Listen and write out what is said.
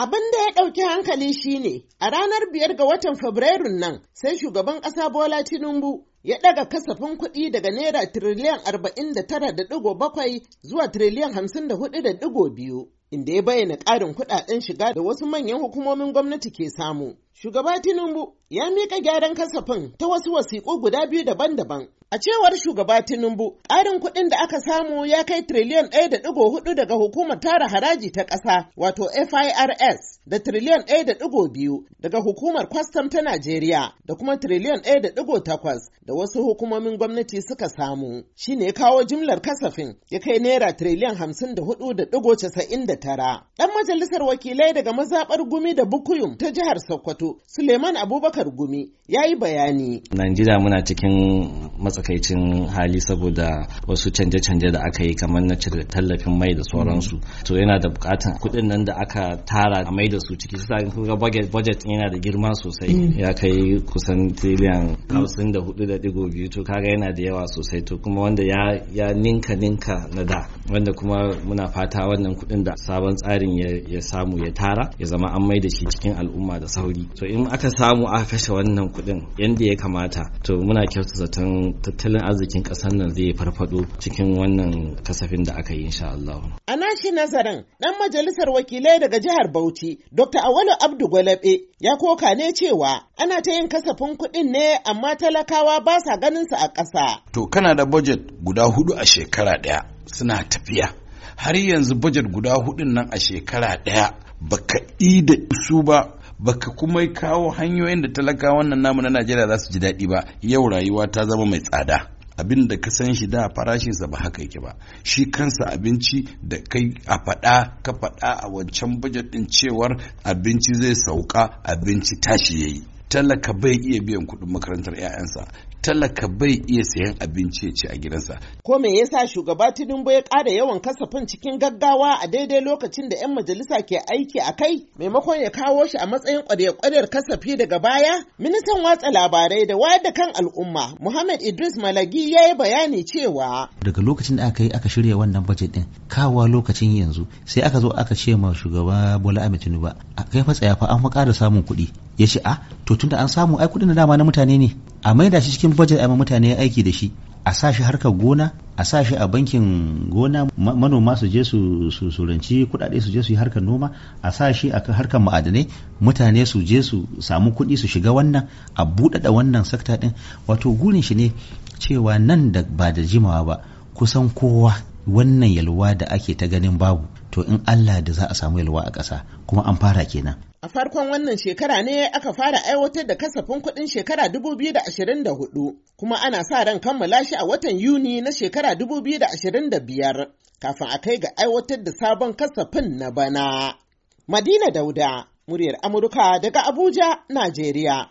Abin da ya ɗauki hankali shine a ranar biyar ga watan Fabrairun nan sai shugaban ƙasa Bola Tinubu ya ɗaga kasafin kuɗi daga naira tiriliyan arba'in da tara da ɗigo bakwai zuwa tiriliyan hamsin da hudu da ɗigo biyu. inda ya bayyana ƙarin kuɗaɗen shiga da wasu manyan hukumomin gwamnati ke samu. Shugaba Tinubu ya miƙa gyaran kasafin ta wasu wasiƙu guda biyu daban-daban. A cewar shugaba Tinubu, ƙarin kuɗin da aka samu ya kai triliyan ɗaya da ɗigo hudu daga hukumar tara haraji ta ƙasa, wato FIRS, da triliyan ɗaya da ɗigo biyu daga hukumar kwastam ta Najeriya, da kuma triliyan ɗaya da ɗigo takwas da wasu hukumomin gwamnati suka samu. Shi ne kawo jimlar kasafin ya kai naira triliyan hamsin da hudu da ɗigo casa'in da tara. Ɗan majalisar wakilai daga mazaɓar Gumi da Bukuyum ta jihar Sokoto, Suleiman Abubakar Gumi, ya yi bayani. Najeriya muna cikin matsakaicin hali saboda wasu canje-canje da aka yi kamar na cire tallafin mai da sauransu. To yana da bukatan kuɗin nan da aka tara a mai da su ciki, sa kuka budget yana da girma sosai. Mm. Ya kai kusan tiliyan hamsin da hudu da digo biyu to kaga yana da yawa sosai to kuma wanda ya ninka ninka na da wanda kuma muna fata wannan kuɗin da sabon tsarin ya samu ya tara ya zama an mai da shi cikin al'umma da sauri to in aka samu aka kashe wannan kuɗin yadda ya kamata to muna kyautu zaton tattalin arzikin ƙasar nan zai farfado cikin wannan kasafin da aka yi insha Allah. A nashi nazarin ɗan majalisar wakilai daga jihar Bauchi Dr. Awalu Abdu Gwalabe ya koka ne cewa ana ta yin kasafin kuɗin ne amma talakawa ba sa ganin su a ƙasa. To kana da budget guda hudu a shekara ɗaya suna tafiya har yanzu bajet guda hudun nan a shekara ɗaya baka da su ba baka kuma kawo hanyoyin da talaka wannan namu na Najeriya za su ji daɗi ba yau rayuwa ta zama mai tsada abin da ka san shi da farashinsa ba haka yake ba shi kansa abinci da kai a faɗa ka faɗa a wancan bajet ɗin cewar abinci zai sauka abinci tashi yayi talaka bai iya biyan kuɗin makarantar 'ya'yansa talaka bai iya sayan abinci ce a gidansa. Ko me yasa shugaba Tinubu ya ƙara yawan kasafin cikin gaggawa a daidai lokacin da 'yan majalisa ke aiki a kai maimakon ya kawo shi a matsayin ƙwarya-ƙwaryar kasafi daga baya? Ministan watsa labarai da wayar da kan al'umma Muhammad Idris Malagi ya yi bayani cewa. Daga lokacin da aka yi aka shirya wannan bajet ɗin kawa lokacin yanzu sai aka zo aka ce ma shugaba Bola Ahmed Tinubu a kai matsaya fa an fa ƙara samun kuɗi ya ce a ah, to tunda an samu ai kudin dama na mutane ne a maida shi cikin budget a mutane ya aiki da shi a sa shi harkar gona a sa shi a bankin gona manoma su je su su ranci kudade su je su yi harkar noma a sa shi a harkar ma'adanai mutane su je su samu kuɗi su shiga wannan a buɗaɗa wannan sakta din wato gurin shi ne cewa nan da ba da jimawa ba kusan kowa wannan yalwa da ake ta ganin babu to in Allah da za a samu yalwa a ƙasa kuma an fara kenan. A farkon wannan shekara ne aka fara aiwatar da kasafin kuɗin shekara 2024 kuma ana sa ran kammala shi a watan Yuni na shekara 2025 kafin a kai ga aiwatar da sabon kasafin na bana. Madina Dauda, muryar Amurka daga Abuja, Najeriya.